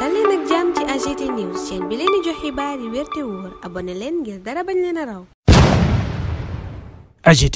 dal leen ak jàmm ci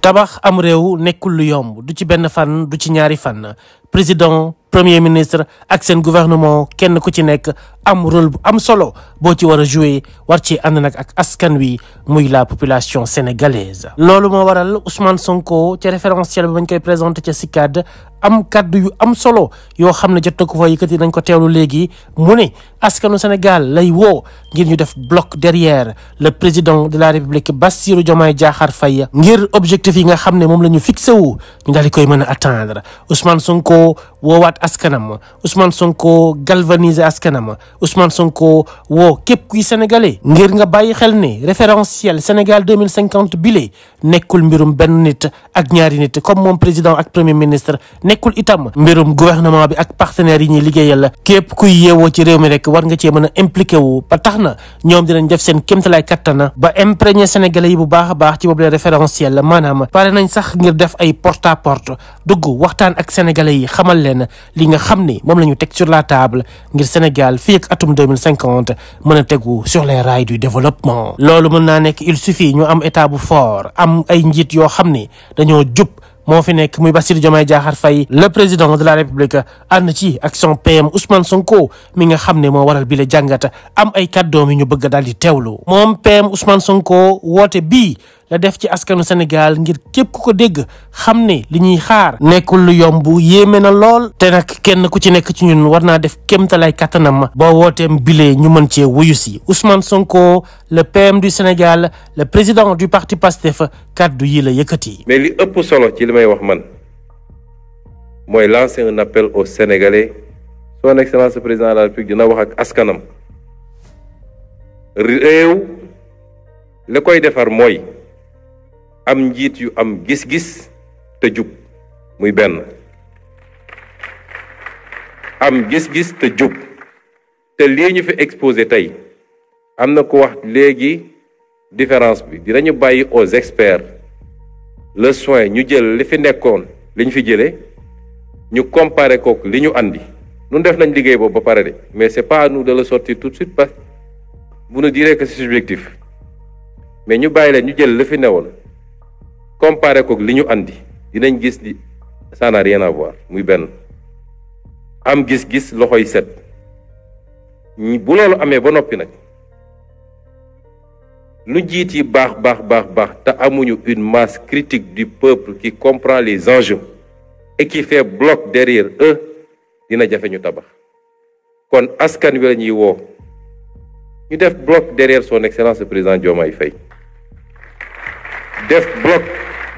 tabax am réew nekkul lu yomb du ci benn fan du ci ñaari fan président premier ministre ak seen gouvernement kenn ku ci nekk am rôle bu am solo boo ci war a jouer war ci ànd nag ak askan wi muy la population sénégalaise. loolu moo waral Ousmane Sonko ci référentiel bi bañ koy présenté ca CICAD am kaddu yu am solo yoo xam ne jot ko ko fa yëkkati nañ ko teewlu léegi mu ne askanu Sénégal lay woo ngir ñu def bloc derrière le président de la République Bassirou Diomaye Diakhar fay ngir objectif yi nga xam ne moom la ñu fixé wu ñu di koy mën a atteindre Ousmane Sonko woowaat askanam Ousmane Sonko galvaniser askanam. Ousmane Sonko woo képp kuy sénégalais ngir nga bàyyi xel ne référentiel Sénégal cinquante bile nekkul mbirum benn nit ak ñaari nit comme moom président ak premier ministre nekkul itam mbirum gouvernement bi ak partenaires yi ñuy liggéeyal la képp kuy yeewoo ci réew mi rek war nga cee mën a impliqué wu ba tax na ñoom dinañ def seen kéemtalaay kattana ba imprégné sénégalais yi bu baax a baax ci boobu le référentiel la maanaam pare nañ sax ngir def ay porte à porte dugg waxtaan ak sénégalais yi xamal leen li nga xam ni moom la ñu teg sur la table ngir Sénégal fii ak atum 2050 mën a tegu sur les rails développement loolu mën naa nekk il suffit ñu am état bu fort am ay njiit yoo xam ni dañoo jub moo fi nekk muy Bassirou Diomaye Diakhar Faye le président de la république ànd ci ak son PM Sonko mi nga xam ne moo waral bi la jàngata am ay kàddoom yi ñu bëgg daal di teewlu moom PM Ousmane Sonko woote bii la def ci askanu Sénégal ngir képp ku ko dégg xam ni li ñuy xaar nekkul lu yomb yéeme na lool te nag kenn ku ci nekk ci ñun war naa def kéemtalaay kattanam boo wooteem bile ñu mën cee wuyu si Ousmane Sonko le PM du Sénégal le président du parti PASTEF kàddu yi la yëkkati. mais li ëpp solo ci li may wax man mooy lancer un appel aux Sénégalais son excellence le président de la République dina wax ak askanam réew la koy defar mooy. am njiit yu am gis-gis te jub muy benn am gis-gis te jub te lii ñu fi exposé tey am na ko wax léegi différence bi dinañu bàyyi aux experts le soin ñu jël li fi nekkoon li ñu fi jëlee ñu comparé kook li ñu andi ñun def nañ liggéey boobu ba pare de mais c'est pas à nous de le sortir tout de suite parce que vous nous direz que subjectif mais ñu bàyyi leen ñu jël li fi newoon comparé kook li ñu andi dinañ gis li ça n'a rien muy benn am gis-gis loxoy set bu loolu amee ba noppi nag lu jiit yi baax baax baax baax te amuñu une masse critique du peuple qui comprend les enjeux et qui fait bloc derrière eux dina jafe ñu tabax kon askan wi la ñuy woo ñu def bloc derrière son excellence le président Diomaye Faye def bloc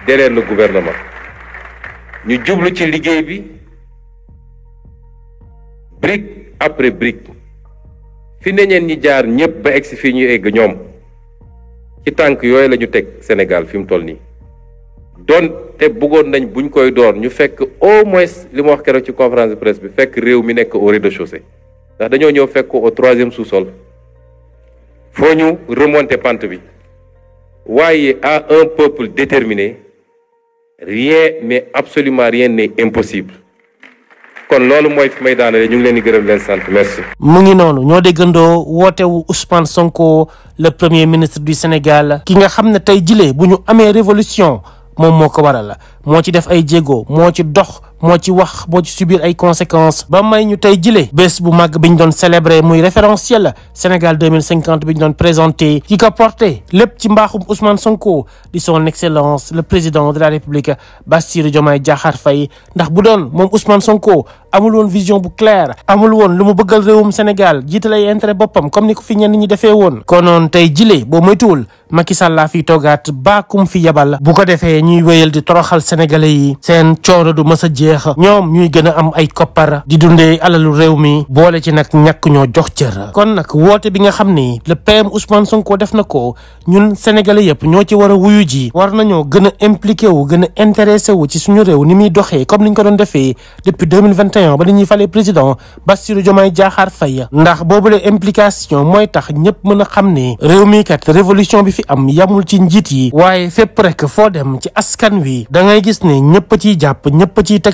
derrière le gouvernement ñu jublu ci liggéey bi brique après brique fi neñeen ñi jaar ñëpp ba egsi fii ñu egg ñoom ci tànk yooyu la ñu teg senegal fi mu toll nii doon te bëggoon nañ buñ koy door ñu fekk au moins li ma wax keroog ci conférence de presse bi fekk réew mi nekk au rez-de-chaussée ndax dañoo ñëw fekk au troisième sous foo ñu remonter pente bi waaye à un peuple déterminé rien mais absolument rien n'est impossible kon loolu mooy fi may daanale ñu ngi leen di gërëm leen sant merci. mu ngi noonu ñoo déggandoo wootewu Ousmane Sonko le premier ministre du Sénégal. ki nga xam ne tey jile bu ñu amee révolution moom moo ko war a la moo ci def ay jéego moo ci dox. moo ci wax boo ci subir ay conséquence ba may ñu tey jile bés bu mag bi ñu doon célébrer muy référentiel Sénégal 2050 bi ñu doon présenté ki ko porté lépp ci mbaaxum Ousmane Sonko di son excellence le président de la République Bassirou Diomaye Diakhar Faye ndax bu doon moom Ousmane Sonko amul woon vision bu claire amul woon lu mu bëggal réewum Sénégal jiital ay intérêt boppam comme ni ko fi ñenn ñi defee woon konoon tey jile boo moytuwul Macky Sall laa fiy toogaat baakum fi yabal bu ko defee ñuy wéyal di toroxal sénégalais seen coono du mës a jeex yéex ñoom ñuy gën a am ay koppar di dundee alalu réew mi boole ci nag ñàkk ñoo jox cër kon nag woote bi nga xam ni le PM Ousmane Sonko def na ko ñun sénégalais yëpp ñoo ci war a wuyu ji war nañoo gën a impliqué wu gën a intéressé wu ci suñu réew ni muy doxee comme niñ ko doon defee depuis 2021 ba dañuy falee président Bassirou Diomaye Diakhar Faye ndax boobule implication mooy tax ñëpp mën a xam ne réew mi kat révolution bi fi am yamul ci njiit yi waaye fépp rek foo dem ci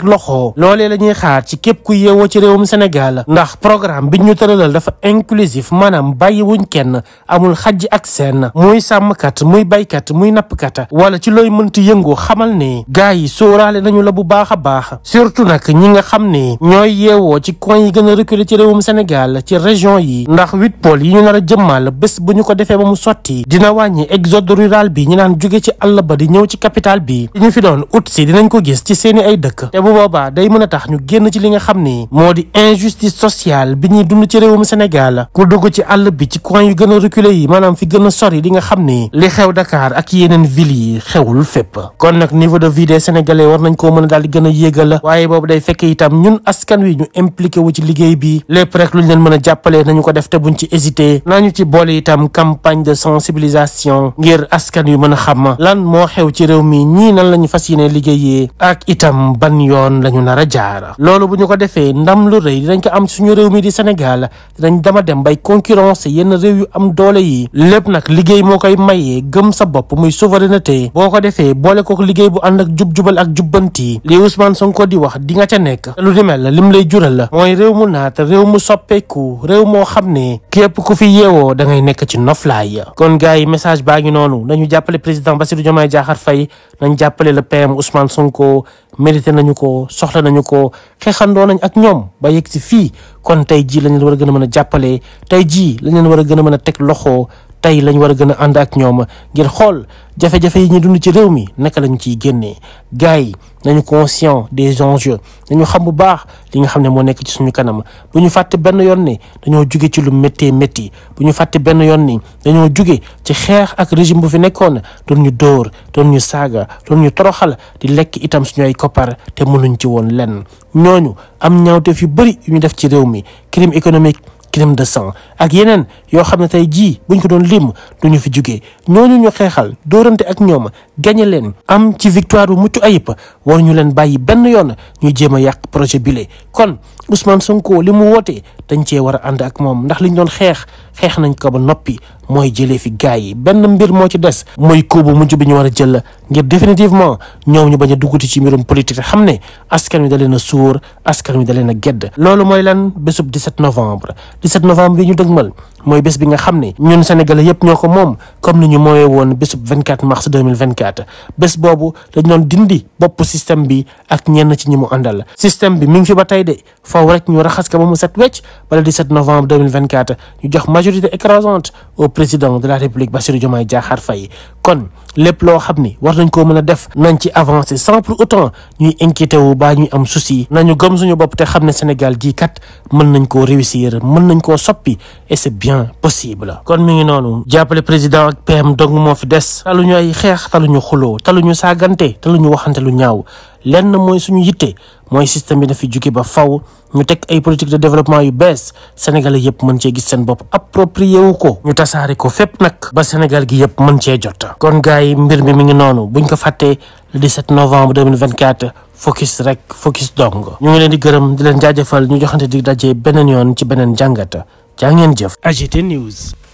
loxo loolee la ñuy xaar ci képp ku yeewoo ci réewum Sénégal ndax programme bi ñu tëralal dafa inclusif maanaam bàyyiwuñ kenn amul xajj ak seen muy sàmmkat muy baykat muy nappkat wala ci looy mënti yëngoo xamal ne gars yi sóoraale nañu la bu baax a baax surtout nag ñi nga xam ne ñooy yeewoo ci coin yi gën a reculé ci réewum Sénégal ci région yi ndax huit pôles yi ñu nar a jëmmal bés bu ñu ko defee ba mu sotti dina wàññi exode rural bi ñu naan jóge ci àll ba di ñëw ci capital bi ñu fi doon ut si dinañ ko gis ci seeni ay dëkk boobaa day mën a tax ñu génn ci li nga xam ni moo di injustice sociale bi ñuy dund ci réewum Sénégal ku dugg ci àll bi ci coin yu gën a reculé yi maanaam fi gën a sori di nga xam ni li xew Dakar ak yeneen villes yi xewul fépp kon nag niveau de vie des Sénégalais war nañ koo mën a daal di gën a yéegal waaye boobu day fekk itam ñun askan wi ñu impliqué wu ci liggéey bi lépp rek luñ leen mën a jàppalee nañu ko def te buñ ci hésité nañu ci boole itam campagne de sensibilisation ngir askan wi mën a xam lan moo xew ci réew mi ñii nan lañu fas yéene liggéeyee ak yoon la ñu nar a jaar loolu bu ñu ko defee ndam lu rëy dinañ ko am suñu réew mi di Sénégal dinañ dama dem bay concurrence yenn réew yu am doole yi lépp nag liggéey moo koy mayee gëm sa muy souveraineté boo ko defee boole kook liggéey bu ànd ak jub-jubal ak jubbanti li Ousmane Sonko di wax di nga ca nekk lu di mel lim lay jural mooy réew mu naat réew mu soppeeku réew moo xam ne képp ku fi yeewoo da ngay nekk ci noflaay kon gars yi message baa ngi noonu nañu jàppale président Bassirou Diomaye Diakhar mérité nañu ko soxla nañu ko xeexandoo nañ ak ñoom ba yegg si fii kon tey jii lañ leen war a gën a mën a jàppale tey jii lañ leen war a gën a mën a teg loxo tey lañ war a gën a ànd ak ñoom ngir xool jafe-jafe yi ñu dund ci réew mi naka lañ ciy génnee gars yi nañu conscient des enjeux nañu xam bu baax li nga xam ne moo nekk ci suñu kanam bu ñu fàttee benn yoon ni dañoo juge ci lu méttee métti bu ñu fàtte benn yoon ni dañoo juge ci xeex ak régime bu fi nekkoon doon ñu dóor doon ñu saaga doon ñu toroxal di lekk itam suñu ay koppar te mënuñ ci woon lenn ñooñu am ñaawteef yu bëri yu ñu def ci réew mi crime économique crime de sang ak yeneen yoo xam ne tey jii buñ ko doon lim du ñu fi jugee ñooñu ñu xeexal dóorante ak ñoom gañe leen am ci victoire bu mucc ayib war ñu leen bàyyi benn yoon ñu jéem a yàq projet bile kon Ousmane Sonko li mu wootee dañ cee war a ànd ak moom ndax li ñu doon xeex xeex nañ ko ba noppi mooy jëlee fi gaay yi benn mbir moo ci des mooy kóobu mujj bi ñu war a jël la ngir définitivement ñoom ñu bañ a dugguti ci mbirum politique xam ne askan wi da leen a suur askan wi da leen a gedd loolu mooy lan bésub 17 novembre 17 novembre yi ñu dëgmal mooy bés bi nga xam ne ñoo ko moom comme ni ñu mooyee woon bésub 24 mars 2024 bés boobu dañ doon dindi bopp système bi ak ñenn ci ñi mu àndal système bi mi ngi fi ba tey de faw rek ñu raxas ko ba mu set wecc bala 17 novembre ñu jox majorité écrasante au président de la République Bassirou Diomaye Diakhar Faye kon lépp loo xam ni war nañ koo mën a def nañ ci avancer sans pour autant ñuy inquiété wu baa ñuy am souci nañu gëm suñu bopp te xam ne Sénégal jii kat mën nañ koo réussir mën nañ koo soppi et c'est bien possible. kon mu ngi noonu jàppale président ak PM dong moo fi des ñu ay xeex ñu xuloo ñu saagante ñu waxante lu ñaaw lenn mooy suñu yitte mooy système bi na fi jóge ba faw ñu teg ay politique de développement yu bees sénégalais yëpp mën cee gis seen bopp approprié wu ko ñu tasaare ko fépp nag ba Sénégal gi yëpp mën cee jot kon gars yi mbir mi mi ngi noonu ñu ko fàttee le 17 novembre 2024 focus rek focus dong ñu ngi leen di gërëm di leen jaajëfal ñu joxante di dajee beneen yoon ci beneen jàngata jaa ngeen jëf AGT News